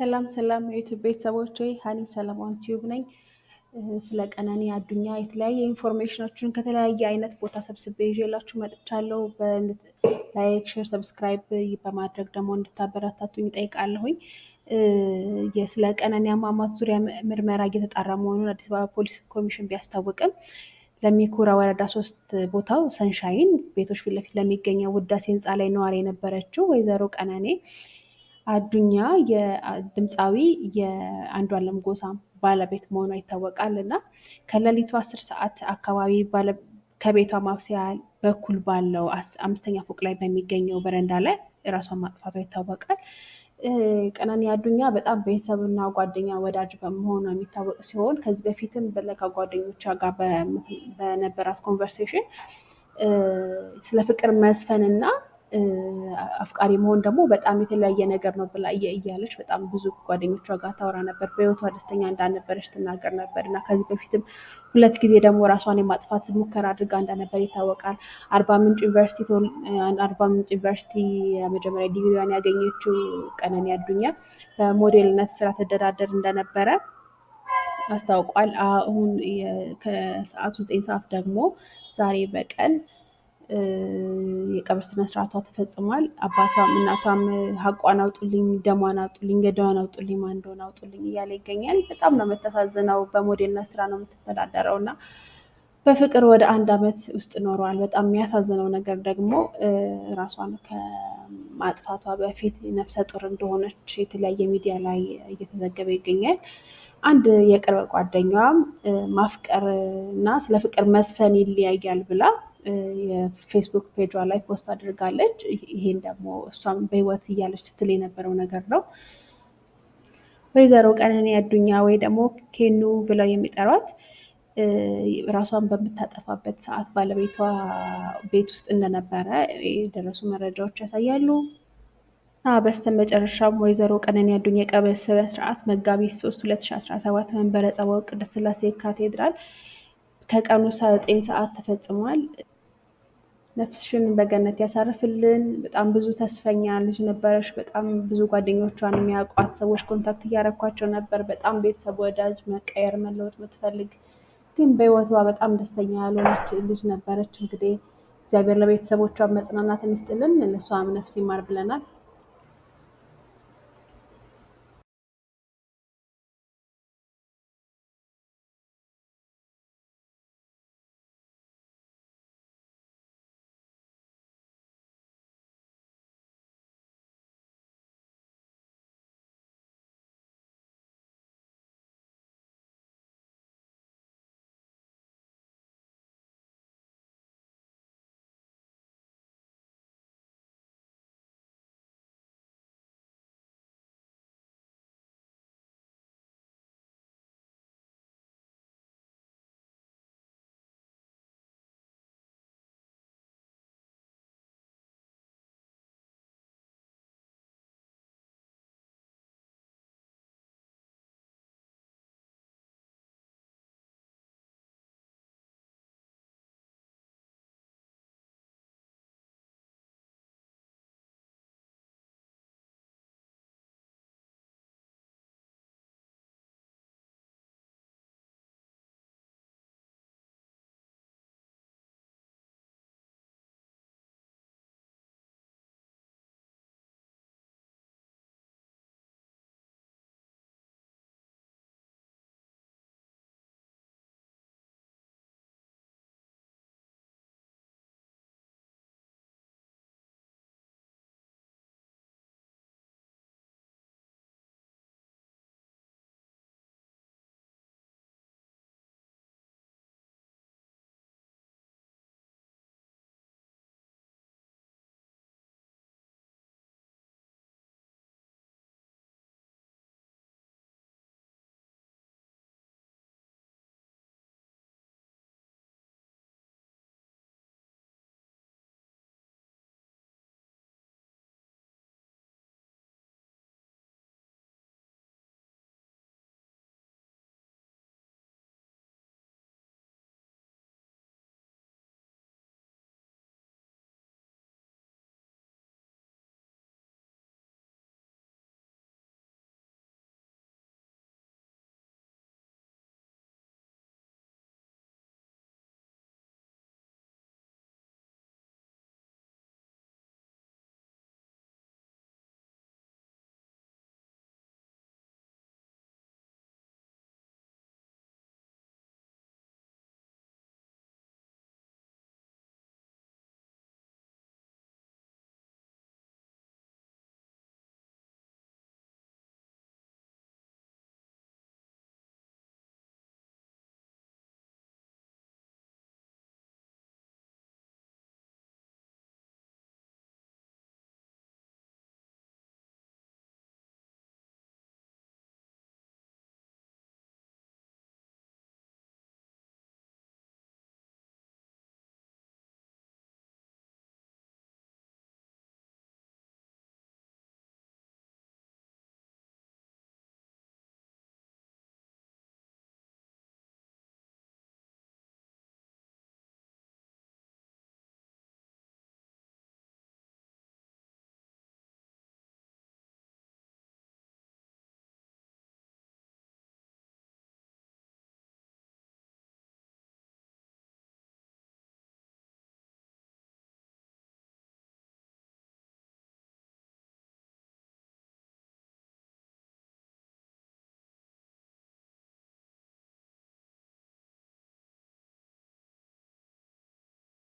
ሰላም ሰላም የዩቲዩብ ቤተሰቦች ወይ ሀኒ ሰለሞን ቲዩብ ነኝ። ስለ ቀነኒ አዱኛ የተለያየ ኢንፎርሜሽኖችን ከተለያየ አይነት ቦታ ሰብስቤ ይዤላችሁ መጥቻለሁ። ላይክ፣ ሼር፣ ሰብስክራይብ በማድረግ ደግሞ እንድታበረታቱኝ ይጠይቃለሁኝ። ስለ ቀነኒ አሟሟት ዙሪያ ምርመራ እየተጣራ መሆኑን አዲስ አበባ ፖሊስ ኮሚሽን ቢያስታውቅም ለሚኩራ ወረዳ ሶስት ቦታው ሰንሻይን ቤቶች ፊትለፊት ለሚገኘው ውዳሴ ህንፃ ላይ ነዋሪ የነበረችው ወይዘሮ ቀነኔ አዱኛ ድምፃዊ የአንዷለም ጎሳ ባለቤት መሆኗ ይታወቃል እና ከሌሊቱ አስር ሰዓት አካባቢ ከቤቷ ማብሰያ በኩል ባለው አምስተኛ ፎቅ ላይ በሚገኘው በረንዳ ላይ እራሷን ማጥፋቷ ይታወቃል። ቀነኒ አዱኛ በጣም ቤተሰብና ጓደኛ ወዳጅ በመሆኗ የሚታወቅ ሲሆን ከዚህ በፊትም ከጓደኞቿ ጋር በነበራት ኮንቨርሴሽን ስለ ፍቅር መዝፈንና አፍቃሪ መሆን ደግሞ በጣም የተለያየ ነገር ነው ብላ እያለች በጣም ብዙ ጓደኞቿ ጋር ታወራ ነበር። በህይወቷ ደስተኛ እንዳልነበረች ትናገር ነበር እና ከዚህ በፊትም ሁለት ጊዜ ደግሞ ራሷን የማጥፋት ሙከራ አድርጋ እንደነበር ይታወቃል። አርባ ምንጭ ዩኒቨርሲቲ አርባ ምንጭ ዩኒቨርሲቲ የመጀመሪያ ዲግሪዋን ያገኘችው ቀነኒ አዱኛ በሞዴልነት ስራ ትደዳደር እንደነበረ አስታውቋል። አሁን ከሰዓቱ ዘጠኝ ሰዓት ደግሞ ዛሬ በቀን የቀብር ስነስርዓቷ ተፈጽሟል። አባቷም እናቷም ሀቋን አውጡልኝ፣ ደሟን አውጡልኝ፣ ገዳዋን አውጡልኝ፣ ማንዶን አውጡልኝ እያለ ይገኛል። በጣም ነው የምታሳዝነው። በሞዴልና ስራ ነው የምትተዳደረው እና በፍቅር ወደ አንድ አመት ውስጥ ኖረዋል። በጣም የሚያሳዝነው ነገር ደግሞ ራሷን ከማጥፋቷ በፊት ነፍሰ ጡር እንደሆነች የተለያየ ሚዲያ ላይ እየተዘገበ ይገኛል። አንድ የቅርብ ጓደኛዋም ማፍቀር እና ስለ ፍቅር መስፈን ይለያያል ብላ የፌስቡክ ፔጇ ላይ ፖስት አድርጋለች። ይሄን ደግሞ እሷም በህይወት እያለች ስትል የነበረው ነገር ነው። ወይዘሮ ቀነኔ አዱኛ ወይ ደግሞ ኬኑ ብለው የሚጠሯት ራሷን በምታጠፋበት ሰዓት ባለቤቷ ቤት ውስጥ እንደነበረ የደረሱ መረጃዎች ያሳያሉ። መጨረሻም ወይዘሮ ቀነኔ አዱኛ የቀብር ስነ ስርዓት መጋቢት 3 2017 መንበረ ጸባኦት ቅድስት ስላሴ ካቴድራል ከቀኑ 9 ሰዓት ተፈጽሟል። ነፍስሽን በገነት ያሳርፍልን። በጣም ብዙ ተስፈኛ ልጅ ነበረሽ። በጣም ብዙ ጓደኞቿን የሚያውቋት ሰዎች ኮንታክት እያረኳቸው ነበር። በጣም ቤተሰብ ወዳጅ መቀየር መለወጥ የምትፈልግ ግን በህይወቷ በጣም ደስተኛ ያልሆነች ልጅ ነበረች። እንግዲህ እግዚአብሔር ለቤተሰቦቿ መጽናናትን ይስጥልን። ለእሷም ነፍስ ይማር ብለናል።